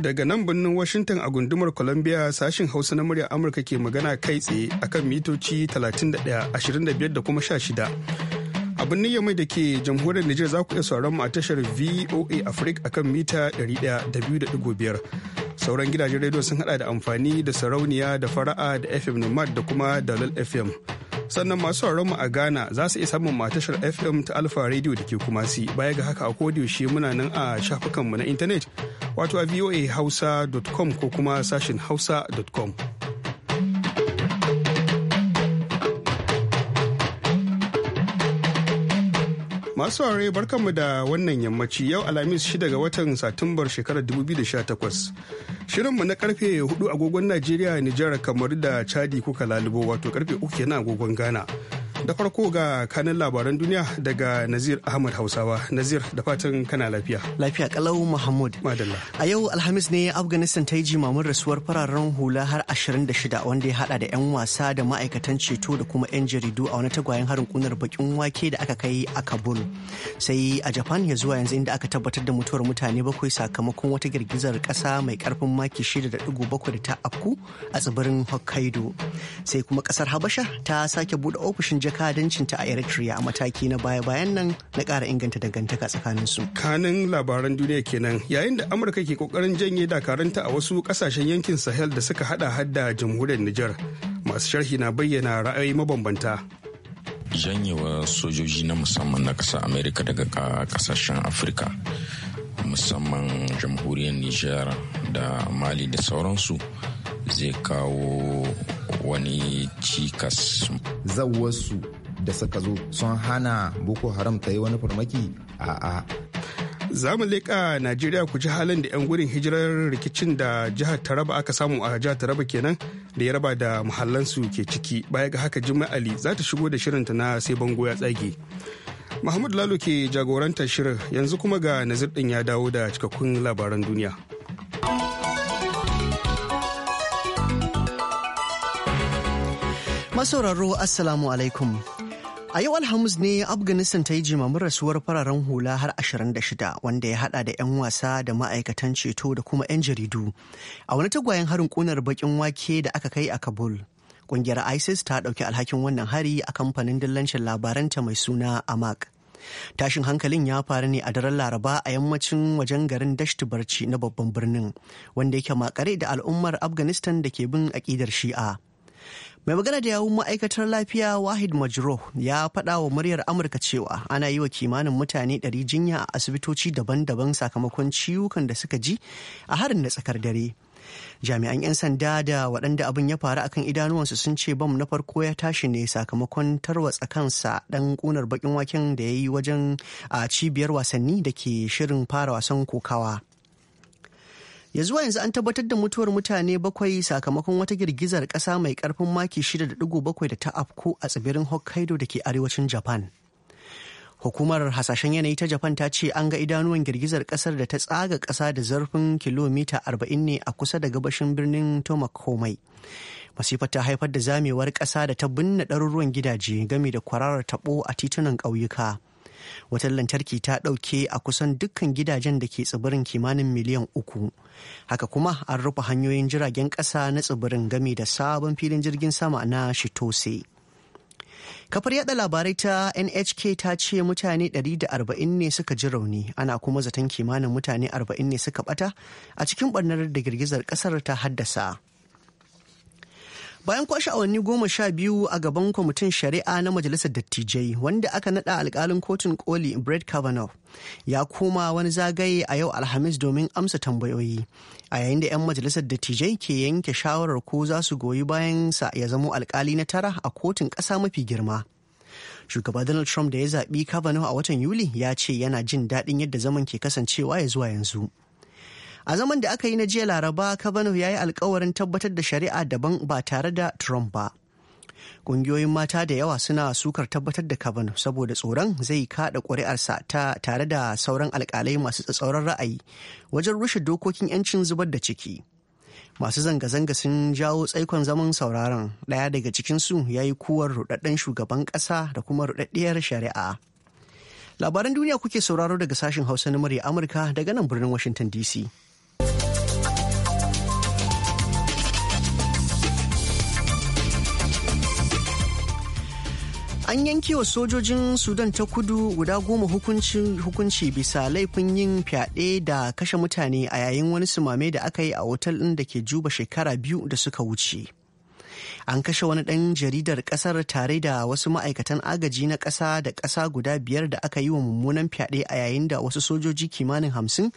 Daga nan birnin Washington a gundumar Columbia sashin Hausa na muryar Amurka ke magana kai tsaye akan mitoci 31, 25 da kuma 16. A birnin Yamai da ke jamhuriyar Nijar za ku iya sauran mu a tashar VOA Africa akan mita 100.5. Sauran gidajen rediyo sun hada da amfani da sarauniya da fara'a da FM Nomad da kuma Dalal FM. sannan masu mu a ghana za su iya samun matashar fm ta alfa radio da ke kumasi baya ga haka a shi muna nan a shafukanmu na intanet wato a voahausa.com ko kuma sashin hausa.com Masu ware barkanmu da wannan yammaci yau Alhamis 6 ga watan Satumbar shekarar 2018. Shirinmu na karfe 4 agogon Najeriya, Nijar, kamar da Chadi kuka lalubo wato karfe 3 yana agogon Ghana. da farko ga kanin labaran duniya daga nazir ahmad hausawa nazir da fatan kana lafiya lafiya kalau mahmud madalla a yau alhamis ne afghanistan ta yi jimamin rasuwar fararen hula har 26 wanda ya hada da 'yan wasa da ma'aikatan ceto da kuma 'yan jaridu a wani tagwayen harin kunar bakin wake da aka kai a kabul sai a japan ya zuwa yanzu inda aka tabbatar da mutuwar mutane bakwai sakamakon wata girgizar kasa mai karfin maki 6.7 da ta afku a tsibirin hokkaido sai kuma kasar habasha ta sake bude ofishin jakadancinta a Eritrea a mataki na baya-bayan nan na ƙara inganta dangantaka tsakanin su. Kanin labaran duniya kenan yayin da Amurka ke kokarin janye dakaranta a wasu kasashen yankin Sahel da suka hada hadda jamhuriyar Nijar. Masu sharhi na bayyana ra'ayi mabambanta. Janyewa sojoji na musamman na ƙasar Amerika daga ƙasashen Afirka musamman jamhuriyar Nijar da Mali da sauransu. zai kawo wani cikas wasu da suka zo sun hana boko haram ta yi wani farmaki a'a za mu leƙa najeriya ku ji halin da 'yan gurin hijirar rikicin da jihar taraba aka samu a jihar taraba kenan da ya raba da muhallansu ke ciki baya ga haka Jimma ali za ta shigo da shirinta na sai bango ya tsage mahmud lalo ke jagorantar shirin yanzu kuma ga nazir ɗin ya dawo da cikakkun labaran duniya Masauraro Assalamu alaikum. A yau Alhamis ne Afghanistan ta yi jimamin rasuwar fararen hula har 26 wanda ya hada da 'yan wasa da ma'aikatan ceto da kuma 'yan jaridu. A wani tagwayen harin kunar bakin wake da aka kai a Kabul. Kungiyar ISIS ta dauki alhakin wannan hari a kamfanin dillancin labaranta mai suna Amak. tashin hankalin ya faru ne a daren laraba a yammacin wajen garin dashti barci na babban birnin wanda yake makare da al'ummar afghanistan da ke bin akidar shi'a mai magana da yawun ma'aikatar lafiya wahid majro ya faɗa wa muryar amurka cewa ana yi wa kimanin mutane 100 jinya a asibitoci daban-daban sakamakon ciwukan da suka ji a harin na tsakar dare jami'an 'yan sanda da waɗanda abin ya faru akan idanuwansu sun ce bam na farko ya tashi ne sakamakon tarwatsa kansa ɗan kunar baƙin waken da ya yi wajen a cibiyar wasanni da ke shirin fara wasan kokawa ya zuwa yanzu an tabbatar da mutuwar mutane bakwai sakamakon wata girgizar ƙasa mai karfin maki 6.7 da ta afku a tsibirin hokkaido da ke arewacin japan hukumar hasashen yanayi ta japan ta ce an ga idanuwan girgizar ƙasar da ta tsaga ƙasa da zarfin kilomita 40 ne a kusa da gabashin birnin tomakomai masifar ta haifar da zamewar ƙasa da ta binne ɗaruruwan gidaje gami da kwararar taɓo a titunan ƙauyuka wutar lantarki ta ɗauke a kusan dukkan gidajen da ke tsibirin kimanin miliyan uku haka kuma an rufe hanyoyin jiragen ƙasa na tsibirin gami da sabon filin jirgin sama na shitose kafar yada labarai ta nhk ta ce mutane 140 ne suka ji rauni ana kuma zaton kimanin mutane 40 ne suka bata a cikin barnar da girgizar kasar ta haddasa bayan kwashe awanni goma sha biyu a gaban kwamitin shari'a na majalisar dattijai wanda aka nada alkalin kotun koli brett kavanaugh ya koma wani zagaye a yau alhamis domin amsa tambayoyi a yayin da 'yan majalisar dattijai ke yanke shawarar ko za su goyi bayan sa ya zamo alkali na tara a kotun ƙasa mafi girma shugaba donald trump da ya zaɓi kavanaugh a watan yuli ya ce yana jin daɗin yadda zaman ke kasancewa ya zuwa yanzu A zaman da aka yi na jiya Laraba, Kavanaugh ya yi alkawarin tabbatar da shari'a daban ba tare da Trump ba. Ƙungiyoyin mata da yawa suna sukar tabbatar da Kavanaugh saboda tsoron zai kada ƙuri'arsa ta tare da sauran alkalai masu tsatsauran ra'ayi wajen rushe dokokin 'yancin zubar da ciki. Masu zanga-zanga sun jawo tsaikon zaman sauraron ɗaya daga cikinsu ya yi kuwar ruɗaɗɗen shugaban ƙasa da kuma ruɗaɗɗiyar shari'a. Labaran duniya kuke sauraro daga sashen Hausa na murya Amurka daga nan birnin Washington DC. an yanke wa sojojin sudan ta kudu guda goma hukunci bisa laifin yin fyaɗe da kashe mutane a yayin wani sumame da aka yi a otal ɗin da ke juba shekara biyu da suka wuce an kashe wani ɗan jaridar ƙasar tare da wasu ma'aikatan agaji na ƙasa da ƙasa guda biyar da aka yi wa mummunan fyaɗe a yayin da wasu sojoji kimanin hamsin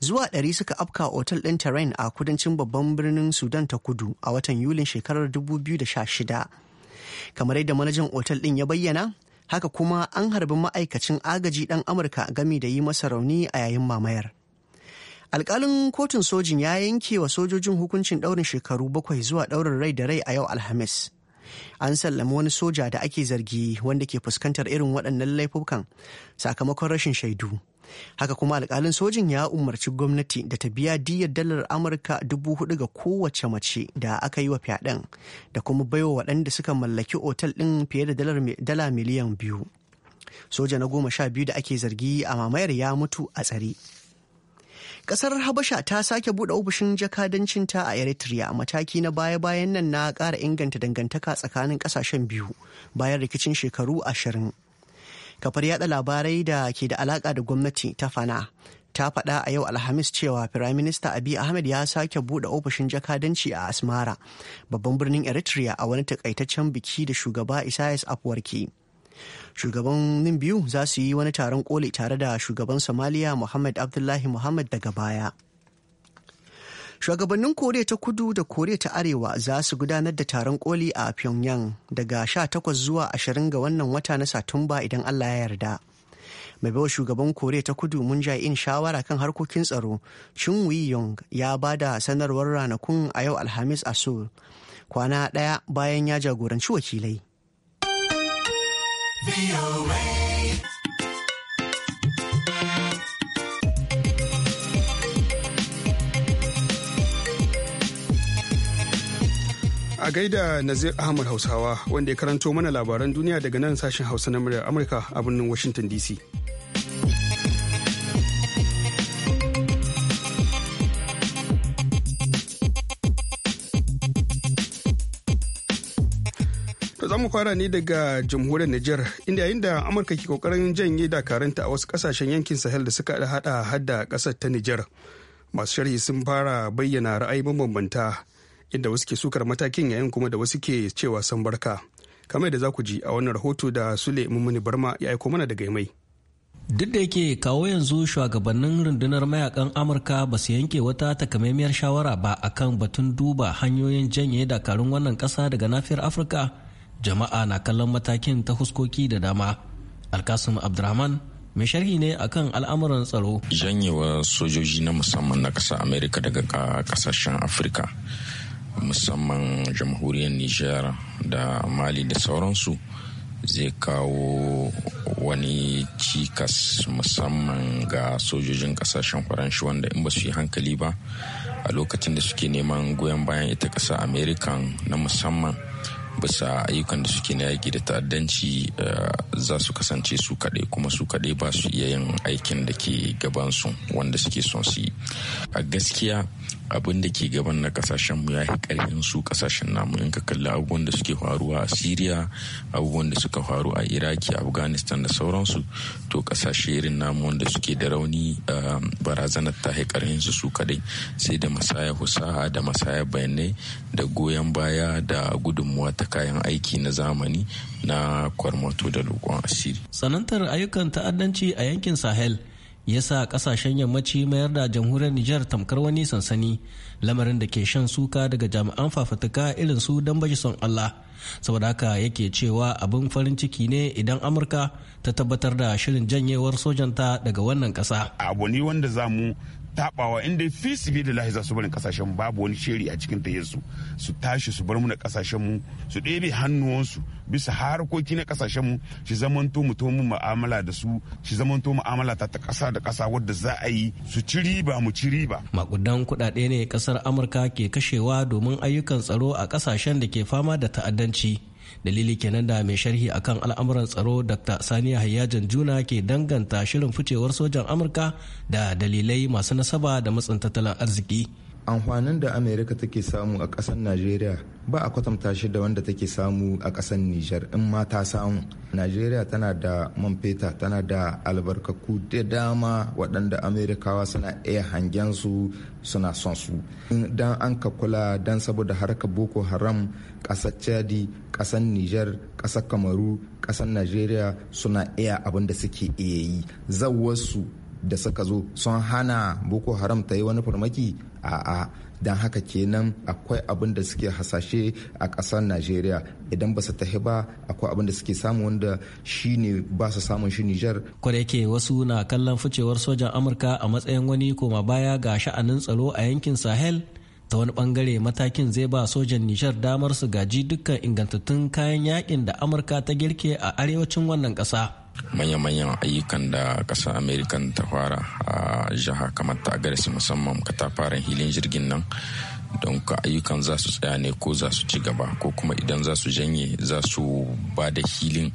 zuwa ɗari suka afka otal ɗin terrain a kudancin babban birnin sudan ta kudu a watan yulin shekarar 2016 kamar yadda manajan otal ɗin ya bayyana haka kuma an harbi ma'aikacin agaji ɗan amurka gami da yi masa rauni a yayin mamayar alkalin kotun sojin ya yanke wa sojojin hukuncin ɗaurin shekaru bakwai zuwa ɗaurin rai da rai a yau alhamis an sallami wani soja da ake zargi wanda ke fuskantar irin waɗannan laifukan sakamakon rashin shaidu haka kuma alkalin sojin ya umarci gwamnati da ta biya diyar dalar amurka dubu hudu ga kowace mace da aka yi wa fyaɗen da kuma baiwa waɗanda suka mallaki otal ɗin fiye da dala miliyan biyu soja na goma sha biyu da ake zargi a mamayar ya mutu a tsare kasar habasha ta sake buɗe ofishin jakadancinta a eritrea mataki na baya-bayan nan na ƙara inganta dangantaka tsakanin ƙasashen biyu bayan rikicin shekaru ashirin kafar yada labarai da ke da alaka da gwamnati ta fana ta faɗa a yau alhamis cewa firaminista abiy ahmed ya sake buɗe ofishin jakadanci a asmara babban birnin eritrea a wani takaitaccen biki da shugaba isaias afwarki shugabannin biyu za su yi wani taron koli tare da shugaban somaliya muhammad abdullahi muhammad daga baya Shugabannin Koriya ta Kudu da Koriya ta Arewa za su gudanar da taron koli a Pyongyang daga sha takwas zuwa ashirin ga wannan wata na Satumba idan Allah ya yarda. mai bawa shugaban koriya ta kudu mun in shawara kan harkokin tsaro chun wi yong ya ba da sanarwar ranakun a yau alhamis a seoul kwana ɗaya bayan ya jagoranci wakilai. A gaida Nazir Ahmad Hausawa wanda ya karanto mana labaran duniya daga nan sashen Hausa na muryar Amurka a birnin Washington DC. za mu fara ne daga jamhuriyar Nijar inda yayin da Amurka ke kokarin janye dakaranta a wasu kasashen yankin Sahel da suka hada hada hadda kasar ta Nijar. Masu sharhi sun fara bayyana ra'ayi mabambanta inda wasu ke sukar matakin yayin kuma da wasu ke cewa san barka kamar da za ku ji a wannan rahoto da sule mummuni barma ya aiko mana daga mai duk da yake kawo yanzu shugabannin rundunar mayakan amurka ba su yanke wata takamaimiyar shawara ba akan batun duba hanyoyin janye dakarun wannan kasa daga nafiyar afirka jama'a na kallon matakin ta huskoki da dama alkasim abdurrahman mai sharhi ne akan al'amuran tsaro janyewa sojoji na musamman na kasa amerika daga kasashen afirka musamman jamhuriyar nijar da mali da sauransu zai kawo wani cikas musamman ga sojojin kasashen faranshi wanda in ba su yi hankali ba a lokacin da suke neman goyon bayan ita ƙasa amerikan na musamman bisa ayyukan da suke na yaki da ta'addanci eh, za su kasance su kaɗai kuma su kaɗai ba su iya yin aikin da ke gabansu wanda suke son su yi a gaskiya abin da ke gaban na kasashen mu ya fi ƙarfin su kasashen namu in ka kalli abubuwan da suke faruwa a syria abubuwan da suka faru a iraki afghanistan da sauransu to kasashe irin namu wanda suke da rauni eh, barazanar ta fi ƙarfin su su kaɗai sai da masaya husaha da masaya bayanai da goyon baya da gudunmuwa ta kayan aiki na zamani na kwarmato da lokon asiri. Sanantar ayyukan ta'addanci a yankin Sahel ya sa kasashen yammaci mayar da jamhuriyar Nijar tamkar wani sansani lamarin da ke shan suka daga jami'an fafatuka irin su don baji son Allah saboda haka yake cewa abin farin ciki ne idan Amurka ta tabbatar da shirin janyewar sojanta daga wannan ƙasa. Abu ne wanda za mu tabawa inda fi sabilillahi za su barin kasashen babu wani shiri a cikin ta su tashi su bar mu na kasashen mu su ɗebe hannuwansu bisa harkoki na kasashen mu shi zamanto mu tomu da su shi zamanto mu'amala ta ta kasa da kasa wadda za a yi su ci riba mu ci riba makudan kuɗaɗe ne kasar amurka ke kashewa domin ayyukan tsaro a ƙasashen da ke fama da ta'addanci dalili kenan da mai sharhi akan al'amuran tsaro dr saniya hayyajan juna ke danganta shirin ficewar sojan amurka da dalilai masu nasaba da matsin tattalin arziki amfanin da amerika take samu a ƙasar najeriya ba a kwatanta shi da wanda take samu a ƙasar nijar in ma ta samu najeriya tana da man feta tana da albarkaku da dama waɗanda amerikawa suna iya hangen su suna son su dan an ka kula dan saboda harka boko haram ƙasar chadi ƙasar nijar ƙasar kamaru ƙasar najeriya suna iya abin da suke iya yi wasu. da suka zo sun hana boko haram ta yi wani farmaki a'a don haka kenan akwai abin da suke hasashe a kasar najeriya idan ba su tahi ba akwai abin da suke samu wanda shi ne ba su samun shi nijar ko da yake wasu na kallon ficewar sojan amurka a matsayin wani koma baya ga sha'anin tsaro a yankin sahel ta wani bangare matakin zai ba sojan nishar damar su gaji dukkan ingantattun kayan yakin da amurka ta girke a arewacin wannan kasa. manya-manyan ayyukan da ƙasar amerikan ta fara a jiha kamar ta agaris musamman katafaren hilin jirgin nan don ka ayyukan za su tsaya ne ko za su ci gaba ko kuma idan za su janye za su ba da hilin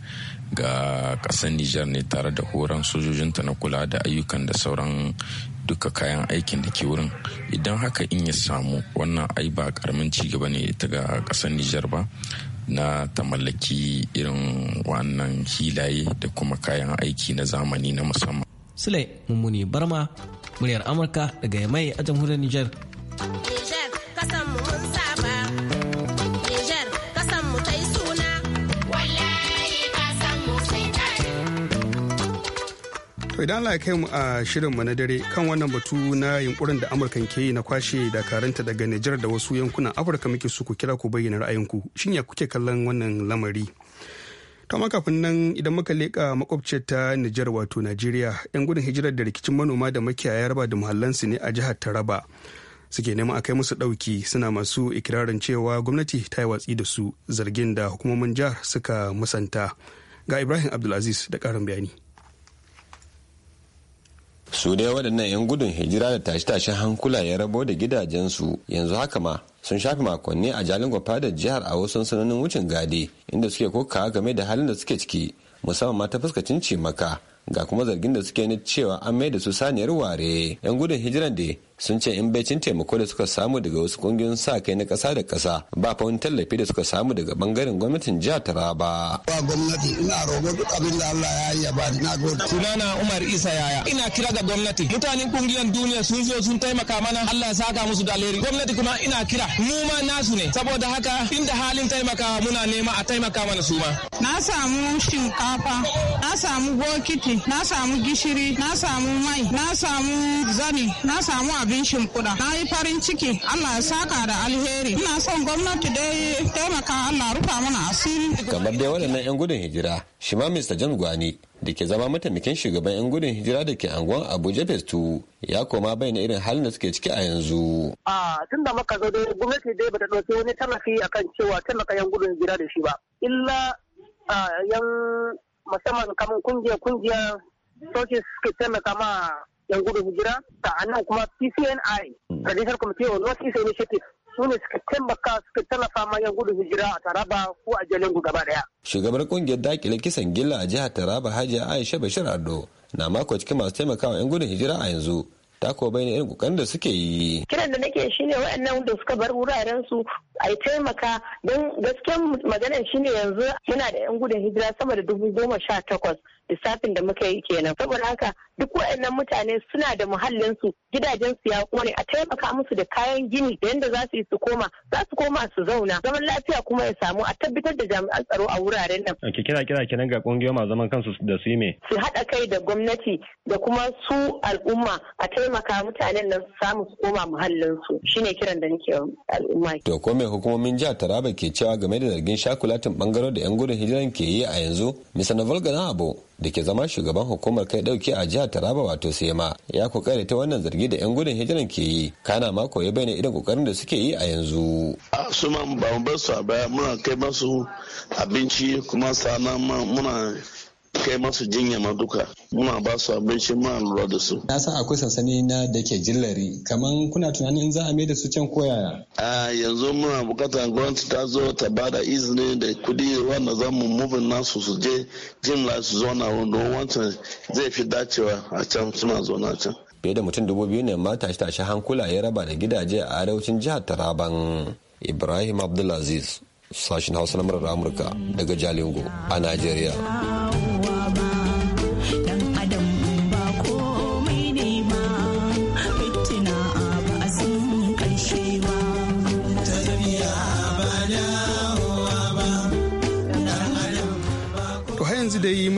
ga ƙasar nijar ne tare da horon sojojinta na kula da ayyukan da sauran duka kayan aikin da ke wurin idan haka in ya samu wannan ai ba karamin cigaba ne ta ga kasar nijar ba na ta mallaki irin wannan hilaye da kuma kayan aiki na zamani na musamman sule mummuni barma muryar amurka daga yamai a jamhuriyar nijar To idan Allah ya kai mu a shirin shirinmu na dare kan wannan batu na yunkurin da Amurka ke yi na kwashe dakaranta daga Nijar da wasu yankunan Afirka muke su ku kira ku bayyana ra'ayinku. Shin ya kuke kallon wannan lamari? To amma kafin nan idan muka leƙa makwabciyar ta Nijar wato Najeriya, 'yan gudun hijirar da rikicin manoma da makiyaya raba da muhallansu ne a jihar Taraba. Suke neman a kai musu ɗauki suna masu ikirarin cewa gwamnati ta yi watsi da su zargin da hukumomin jihar suka musanta. Ga Ibrahim Abdulaziz da karin bayani. su dai waɗannan 'yan gudun hijira da tashe-tashe hankula ya rabo da gidajensu yanzu haka ma sun shafi makonni a jalin gwafa da jihar a wasu sansanonin wucin gadi inda suke koka game da halin da suke ciki musamman ma ta fuskacin cimaka ga kuma zargin da suke na cewa an mai da su saniyar ware 'yan gudun hijiran da sun ce in baicin taimako da suka samu daga wasu kungiyoyin sa kai na kasa da kasa ba fa wani tallafi da suka samu daga bangaren gwamnatin jihar Taraba. Ba gwamnati ina roƙo duk abin da Allah ya yi ya bani na gode. Sunana Umar Isa yaya ina kira ga gwamnati mutanen kungiyoyin duniya sun zo sun taimaka mana Allah ya saka musu da alheri gwamnati kuma ina kira mu ma nasu ne saboda haka inda halin taimakawa muna nema a taimaka mana su ma. Na samu shinkafa na samu bokiti na samu gishiri na samu mai na samu zani na samu abin shimfiɗa. Na yi farin ciki Allah ya saka da alheri. Ina son gwamnati dai taimaka Allah rufa mana asiri. Kamar dai waɗannan 'yan gudun hijira, shi ma Mista John Gwani da ke zama mataimakin shugaban 'yan gudun hijira da ke anguwan Abuja Festu ya koma na irin halin da suke ciki a yanzu. A tun da muka zo dai gwamnati dai bata ɗauki wani tallafi akan cewa taimaka 'yan gudun hijira da shi ba. Illa yan musamman kamar kungiya kungiya sojoji suke taimaka ma 'yan gudun hijira sa'annan kuma PCNI Traditional hmm. Committee on North East Initiative su ne suka taimaka suka tallafa ma 'yan gudun hijira a Taraba ko a Jalingu gaba daya. Shugabar kungiyar dakile kisan gilla a jihar Taraba Hajiya Aisha Bashir Ado na mako cikin masu taimakawa 'yan gudun hijira a yanzu ta kuwa ne irin kokarin da suke yi. Kiran da nake shi ne waɗannan da suka bar wuraren su a taimaka don gaskiyan maganar shi ne yanzu muna da 'yan gudun hijira sama da dubu goma sha takwas lissafin da muka yi kenan saboda haka duk waɗannan mutane suna da muhallin muhallinsu gidajensu ya kone a taimaka musu da kayan gini da yadda za su yi su koma za su koma su zauna zaman lafiya kuma ya samu a tabbatar da jami'an tsaro a wuraren nan. Ki kira kira kenan ga kungiyoyi masu zaman kansu da su yi Su haɗa kai da gwamnati da kuma su al'umma a taimaka mutanen nan su samu su koma muhallinsu shine kiran da nake al'umma. To ko me hukumomin jihar Taraba ke cewa game da zargin shakulatin bangaro da 'yan gudun hijiran ke yi a yanzu? Misa na Volga na abu da ke zama shugaban hukumar kai dauki a jihar Taraba wato Sema ya kokare ta wannan zargi da yan gudun hijiran ke yi kana mako ya bayyana irin kokarin da suke yi a yanzu a su ma ba mu bar su a baya muna kai masu abinci kuma sana muna kai masu jinya ma duka muna ba su abinci ma lura da su. Na san akwai sansani na da ke jillari kamar kuna tunanin za a mai da su can koyaya. A yanzu muna bukatar gwamnati ta zo ta ba da izini da kudi wanda za mu mubin nasu su je jin su zauna wanda wancan zai fi dacewa a can suna zauna can. Fiye da mutum dubu biyu ne ma tashi-tashi hankula ya raba da gidaje a arewacin jihar Taraban. Ibrahim Abdulaziz, sashen Hausa na Amurka daga Jalingo a Najeriya.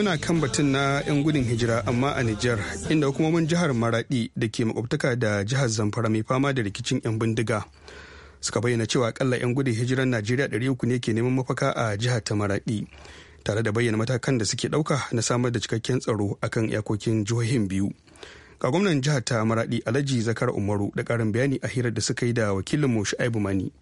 muna kan batun na 'yan gudun hijira amma a Nijar inda hukumomin jihar Maradi da ke makwabtaka da jihar Zamfara mai fama da rikicin 'yan bindiga. Suka bayyana cewa akalla 'yan gudun hijiran Najeriya uku ne ke neman mafaka a jihar ta Maradi tare da bayyana matakan da suke ɗauka na samar da cikakken tsaro akan iyakokin jihohin biyu. Ga gwamnan jihar ta Maradi Alhaji Zakar Umaru da ƙarin bayani a hirar da suka yi da wakilin mu Shu'aibu Mani.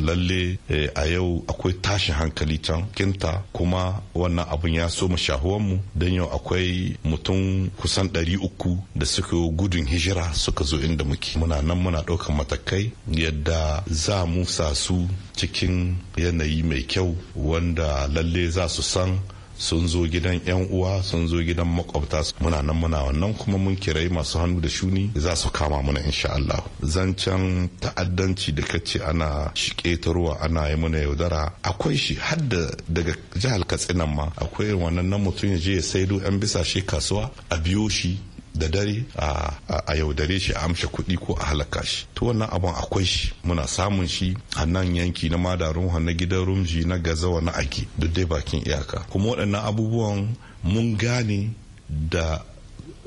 lalle eh, a yau akwai tashi hankali can kinta kuma wannan abun ya so mu shahuwanmu don yau akwai mutum kusan ɗari uku da suka yi gudun hijira suka zo inda muke muna nan muna ɗaukar matakai yadda za mu sa su cikin yanayi mai kyau wanda lalle za su san sun zo gidan yan uwa sun zo gidan makwabta muna nan muna wannan kuma mun kirayi masu hannu da shuni za su kama muna insha Allah zancen ta'addanci da kace ana shiketarwa ana yi muna yaudara akwai shi har da daga jihar Katsina ma akwai wannan nan mutum ya je ya saido yan bisa shi kasuwa a biyo shi da dare a a yaudare shi a amshe kuɗi ko a halaka shi to wannan abun akwai shi muna samun shi a nan yanki na madarun na gidan rumji na gazawa na ake duk dai bakin iyaka kuma waɗannan abubuwan mun gane da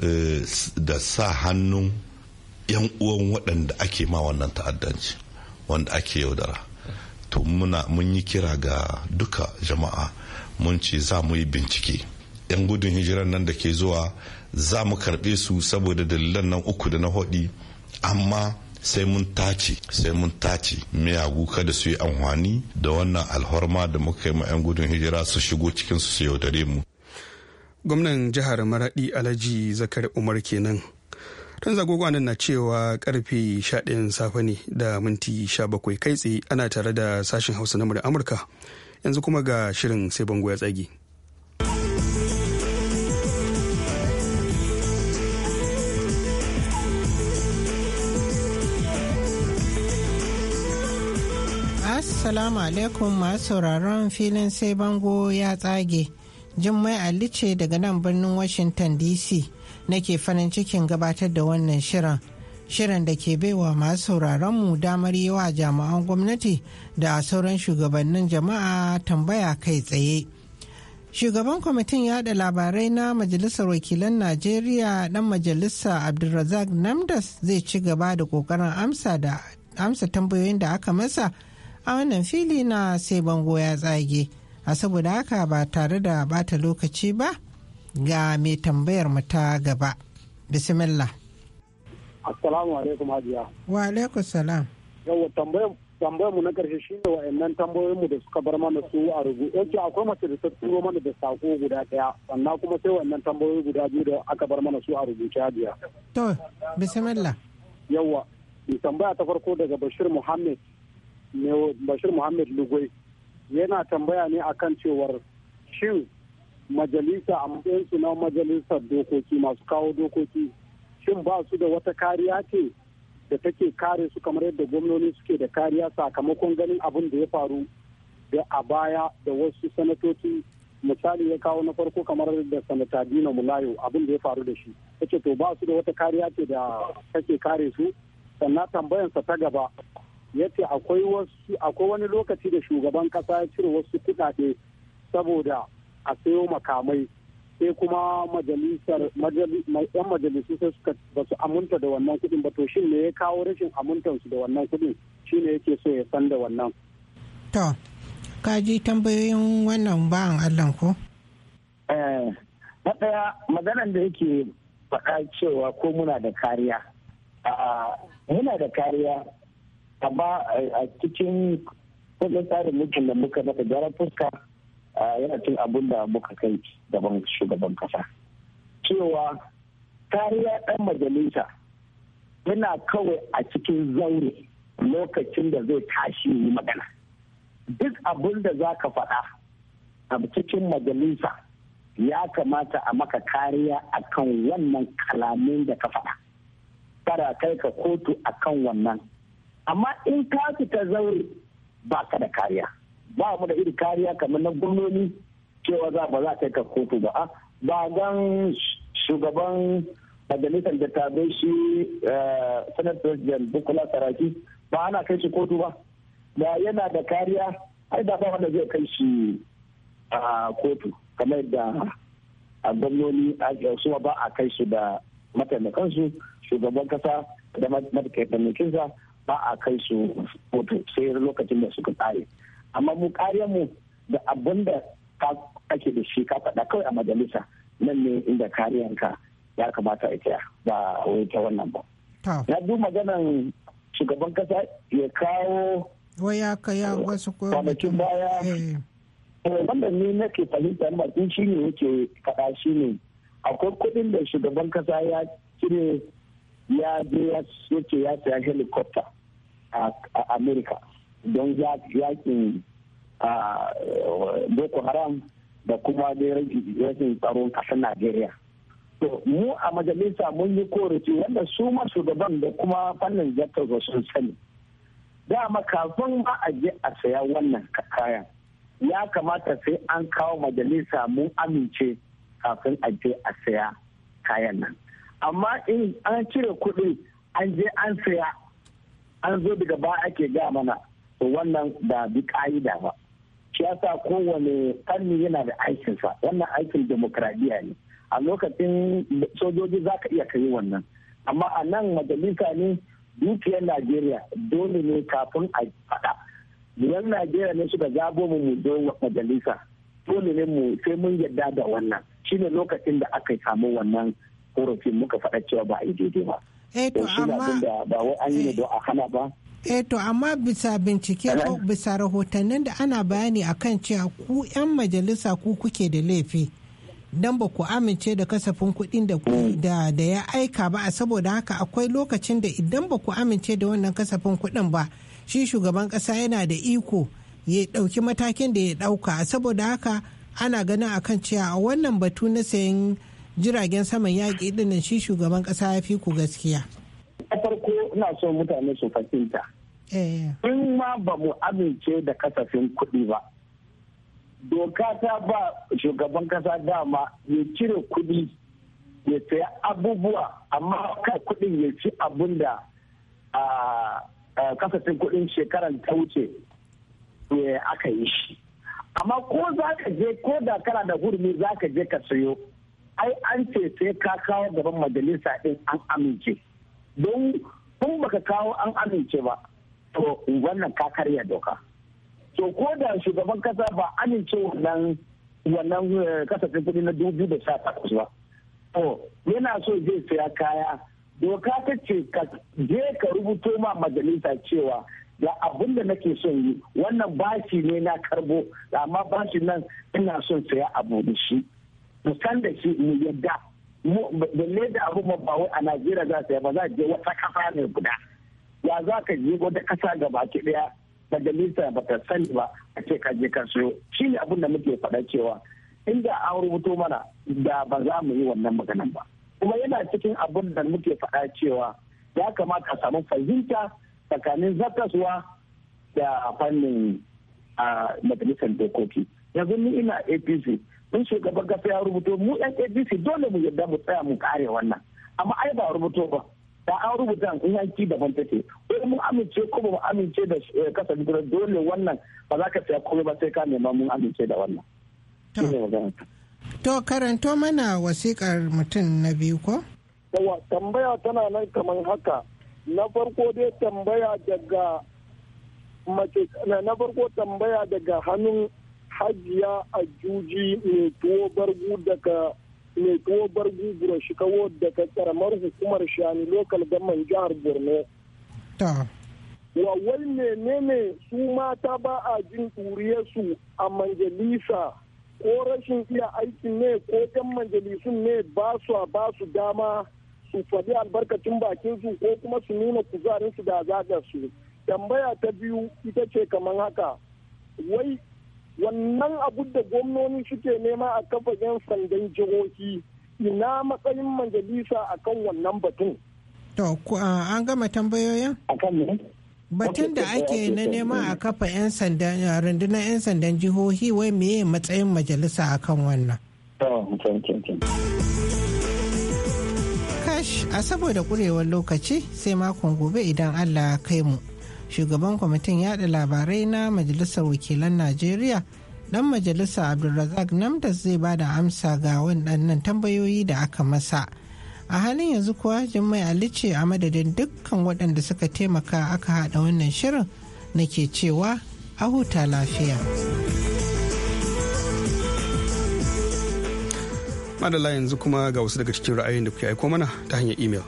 e, da sa hannun yan uwan waɗanda ake ma wannan ta'addanci wanda ake yaudara to muna mun yi kira ga duka jama'a mun ce za mu yi bincike 'yan gudun hijiran nan da ke zuwa za mu karbe su saboda dalilan nan uku da na hudu amma sai mun tace sai mun tace miyagu kada su yi amfani da wannan alhorma da muka yi ma 'yan gudun hijira su shigo cikin su yaudare mu gwamnan jihar maradi alhaji zakar umar kenan tun zagogo na cewa karfe 11 safe ne da minti 17 kai tsaye ana tare da sashen hausa na amurka yanzu kuma ga shirin sai bango ya tsage. Assalamu alaikum masu sauraron filin sai bango ya tsage. Jummai Ali ce daga nan birnin Washington DC nake farin cikin gabatar da wannan shirin. Shirin da ke baiwa masu mu damar yi wa jami'an gwamnati da sauran shugabannin jama'a tambaya kai tsaye. Shugaban kwamitin yada labarai na Majalisar Wakilan Najeriya dan majalisa Abdulrazak Namdas zai ci gaba da kokarin amsa tambayoyin da aka masa a wannan fili na sai bango ya tsage a saboda haka ba tare da bata lokaci ba ga mai tambayar mu ta gaba bismillah assalamu alaikum hajiya wa alaikum salam yawa tambayar mu na karshe shine wa'annan tambayoyin mu da suka bar mana su a rubuce yake akwai mace da ta turo mana da sako guda daya sannan kuma sai wa'annan tambayoyi guda biyu da aka bar mana su a rubuce hajiya to bismillah yawa tambaya ta farko daga bashir muhammad bashir muhammad lugoi yana tambaya ne a kan cewar shin majalisa a matsayinsu na majalisar dokoki masu kawo dokoki shin ba su da wata kariya ce da take kare su kamar yadda gwamnoni suke da kariya sakamakon ganin abin da ya faru da a baya da wasu sanatoci misali ya kawo na farko kamar da sanata dina mulayo abin da ya faru da shi yace to ba su da wata kariya ce da take kare su sannan tambayansa ta gaba ya ce akwai wani lokaci da shugaban kasa ya cire wasu kudade saboda a sayo makamai sai kuma majalisar yan majalisu sai suka basu su aminta da wannan kuɗin ba to shin ne ya kawo rashin amintansu da wannan kuɗin shine yake so ya san da wannan to ka ji tambayoyin wannan ba'an allan ko eh na da yake faɗa cewa ko muna da kariya muna da kariya amma a cikin kudin tsarin mulkin da muka maka gara fuska yana cin abin da muka kai gaban shugaban kasa cewa kariya ɗan majalisa yana kawai a cikin zaure lokacin da zai tashi yi magana duk abin da za ka faɗa a cikin majalisa ya kamata a maka kariya akan wannan kalamin da ka faɗa kara kai ka kotu akan wannan amma in ka fita zaure ba ka da kariya ba mu da irin kariya kamar na gwamnoni cewa za ba za ta ka kotu ba ah, ba gan shugaban majalisar da ta shi eh, senate president bukola saraki ba ana kai shi kotu ba da yana da kariya ai da ba wanda zai kai shi a kotu kamar da a gwamnoni a ba a kai su da mataimakansu shugaban kasa da mataimakinsa ba a kai su kotu sai lokacin da suka tsare amma mu mu da abin da kake da shi ka faɗa kawai a majalisa nan ne inda kariyanka ya kamata ita ba wai ta wannan ba na duk maganan shugaban kasa ya kawo waya ka ya wasu kwanakin baya eh. Eh, wanda ne nake fahimta na in shi ne yake faɗa shi ne akwai kuɗin da shugaban kasa ya cire ya je ya ce ya saya helicopter a amerika don yakin boko haram da kuma rashin tsaron kasar najeriya to mu a majalisa mun yi korafi wanda su masu gaban da kuma fannin zartarwa sun sani dama kafin ma a je a saya wannan kayan ya kamata sai an kawo majalisa mun amince kafin a je a saya kayan nan amma in an cire kuɗi an je an saya an zo daga ba ake ga mana to wannan ba bi ka'ida ba shi yasa kowane fanni yana da aikinsa wannan aikin demokradiyya ne a lokacin sojoji za ka iya kai wannan amma a nan majalisa ne dukiyar najeriya dole ne kafin a faɗa yan najeriya ne suka zabo mu mu zo majalisa dole ne mu sai mun yadda da wannan shine lokacin da aka samu wannan korafin muka faɗa cewa ba a yi daidai ba eh to amma ba wai an yi ne eh. don a hana ba eh to amma bisa bincike ko bisa rahotannin da ana bayani akan cewa ku 'yan majalisa ku kuke da laifi dan ba ku amince da kasafin kuɗin hmm. da da ya aika ba a saboda haka akwai lokacin da idan ba ku amince da wannan kasafin kuɗin ba shi shugaban ƙasa yana da iko ya ɗauki matakin da ya ɗauka saboda haka ana ganin akan cewa a wannan batu na sayan jiragen saman yaƙi ɗin shi shugaban ƙasa ya fi ku gaskiya. Na farko na so mutane su fahimta. Eh. In ma ba mu amince da kasafin kuɗi ba. Doka ta ba shugaban ƙasa dama ya cire kuɗi ya saya abubuwa amma ka kuɗin ya ci abun da kasafin kuɗin shekaran ta wuce aka yi shi. Amma ko za ka je ko da kana da hurumi za ka je ka sayo. ai an ce sai ka kawo gaban majalisa din an amince don kun baka kawo an amince ba to wannan ka karya doka to ko da shugaban kasa ba amince wannan wannan eh, kasafin kudi na dubu da sha takwas ba to yana so zai saya kaya doka ta ce ka je ka rubuto ma majalisa cewa Da abin da nake son yi wannan bashi ne na karbo amma bashi nan ina son saya abu da shi mu san da shi mu yadda balle da abu ba wai a najeriya za su ba za a je wata kasa ne guda ya za ka je wata kasa ga baki daya majalisa ba ta sani ba a ce ka je ka siyo shi ne abin da muke faɗa cewa inda an rubuto mana da ba za mu yi wannan maganan ba kuma yana cikin abin da muke faɗa cewa ya kamata a samu fahimta tsakanin zakaswa da fannin majalisar dokoki yanzu ni ina apc in shugaban kasa ya rubuto mu yan apc dole mu yadda mu tsaya mu kare wannan amma ai ba rubuto ba da an rubuta in yanki daban take ko mu amince ko ba mu amince da eh, kasa dole wannan ba za ka tsaya komai ba sai ka nema mun amince da wannan to karanto mana wasikar mutum na biyu ko yawa tambaya tana nan kamar haka na farko dai tambaya daga hannu. na farko tambaya daga hannun hajiya a juji mai tuwo bargu daga mai daga karamar hukumar shani lokal gaman jihar borno wa wai menene su mata ba a jin su a manjalisa ko rashin iya aikin ne ko yan majalisun ne ba su ba su dama su faɗi albarkacin bakin su ko kuma su nuna kuzarin su da zagar su tambaya ta biyu ita ce kamar haka wai wannan abu da gwamnoni suke nema a kafa 'yan sandan jihohi ina matsayin majalisa akan wannan batun to an gama tambayoyin ne. batun da ake na nema a kafa 'yan sandan rundunar 'yan sandan jihohi wai meye matsayin majalisa akan wannan kash a saboda kurewar lokaci sai makon gobe idan allah kai mu shugaban kwamitin yada labarai na majalisar wakilan najeriya dan majalisa abdulrazak namdas zai ba da amsa ga waɗannan tambayoyi da aka masa a halin yanzu kuwa jimmai ali ce a madadin dukkan waɗanda suka taimaka aka haɗa wannan shirin na ke cewa a huta lafiya madala yanzu kuma ga wasu daga cikin ra'ayin da kuke aiko mana ta hanyar imel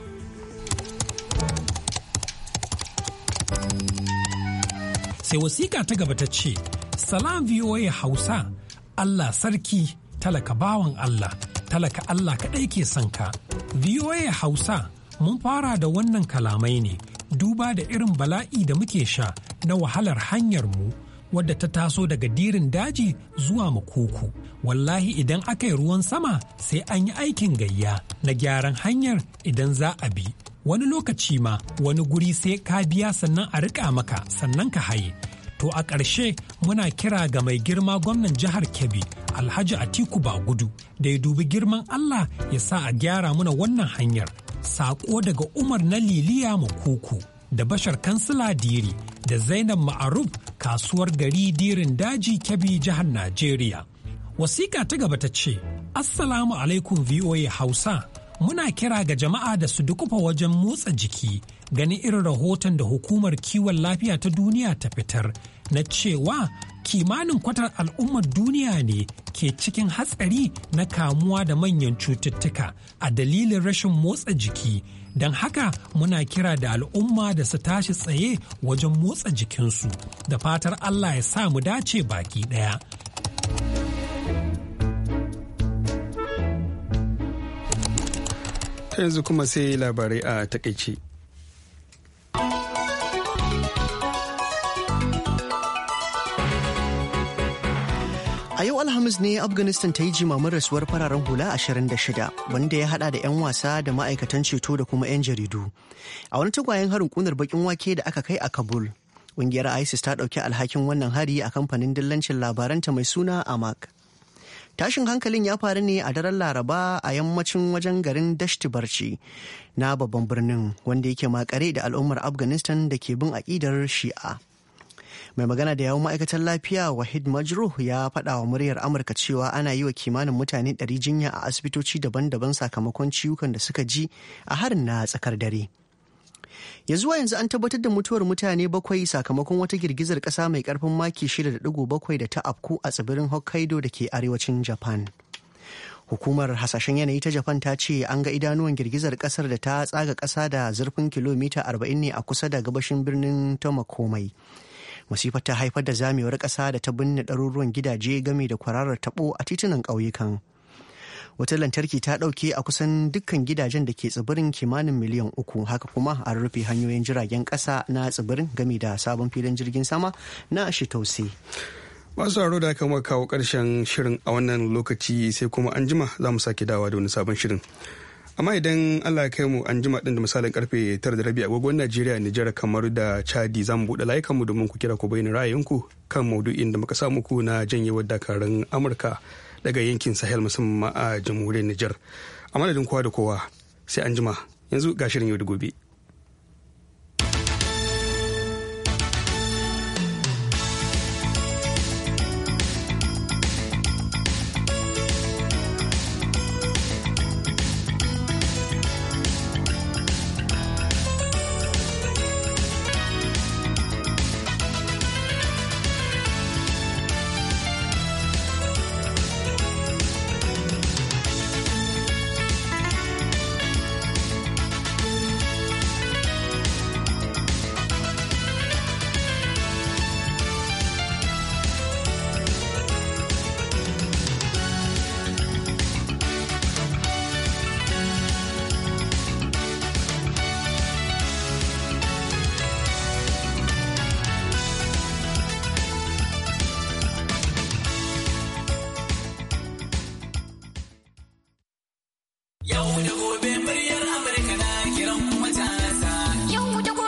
sai wasiƙa ta gaba ta ce salam voa hausa allah sarki talaka bawan allah talaka allah kaɗai ke son ka voa hausa mun fara da wannan kalamai ne duba da irin bala'i da muke sha na wahalar hanyar mu wadda ta taso daga dirin daji zuwa makuku wallahi idan aka yi ruwan sama sai an yi aikin gayya na gyaran hanyar idan za a bi wani lokaci ma wani guri sai ka biya sannan a riƙa maka sannan ka haye to a ƙarshe muna kira ga mai girma gwamnan jihar kebbi alhaji atiku bagudu da ya dubi girman allah ya sa a gyara muna wannan hanyar saƙo daga umar na liliya makuku da bashar kansila diri da zainab ma'aruf kasuwar gari dirin daji kebbi jihar najeriya wasiƙa ta gaba ta ce assalamu alaikum voa hausa muna kira ga jama'a da su dukufa wajen motsa jiki ganin irin rahoton da hukumar kiwon lafiya ta duniya ta fitar na cewa kimanin kwatar al'ummar duniya ne ke cikin hatsari na kamuwa da manyan cututtuka a dalilin rashin motsa jiki don haka muna kira da al'umma da su tashi tsaye wajen motsa jikinsu da fatar allah ya sa mu dace baki ɗaya. yanzu kuma sai labarai a takaice. A yau Alhamis ne Afghanistan ta yi jimamin rasuwar fararen hula 26 wanda ya hada da 'yan wasa da ma'aikatan ceto da kuma 'yan jaridu. A wani tagwayen harin kunar bakin wake da aka kai a Kabul, ƙungiyar ISIS ta ɗauki alhakin wannan hari a kamfanin dillancin labaranta mai suna Amak. Tashin hankalin ya faru ne a daren Laraba a yammacin wajen garin Dashti Barci na babban birnin wanda yake makare da al'ummar Afghanistan da ke bin aƙidar Shi'a. Mai magana da yawon ma'aikatar lafiya Wahid Majruh ya faɗa wa muryar Amurka cewa ana yi wa kimanin mutane ɗari jinya a asibitoci daban-daban sakamakon ciwukan da suka ji a harin na tsakar dare. ya zuwa yanzu an tabbatar da mutuwar mutane bakwai sakamakon wata girgizar ƙasa mai karfin maki 6.7 da ta afku a tsibirin hokkaido da ke arewacin japan hukumar hasashen yanayi ta japan ta ce an ga idanuwan girgizar ƙasar da ta tsaga ƙasa da zurfin kilomita 40 ne a kusa da gabashin birnin tomakomai masifar ta haifar da zamewar ƙasa da ta binne ɗaruruwan gidaje game da kwararar taɓo a titunan ƙauyukan wata lantarki ta ɗauke a kusan dukkan gidajen da ke tsibirin kimanin miliyan uku haka kuma an rufe hanyoyin jiragen kasa na tsibirin gami da sabon filin jirgin sama na shitose masu sauraro da aka kawo ƙarshen shirin a wannan lokaci sai kuma an jima za mu sake dawa da wani sabon shirin amma idan allah ya kai mu an jima din da misalin karfe tara da rabi agogon najeriya nijar kamar da chadi za mu buɗe layukanmu domin ku kira ku bayyana ra'ayinku kan maudu'in da muka samu ku na janyewar dakarun amurka daga yankin sahel musamman a jamhuriyar Nijar, a madadin kowa da kowa sai an jima yanzu ga shirin yau da gobe.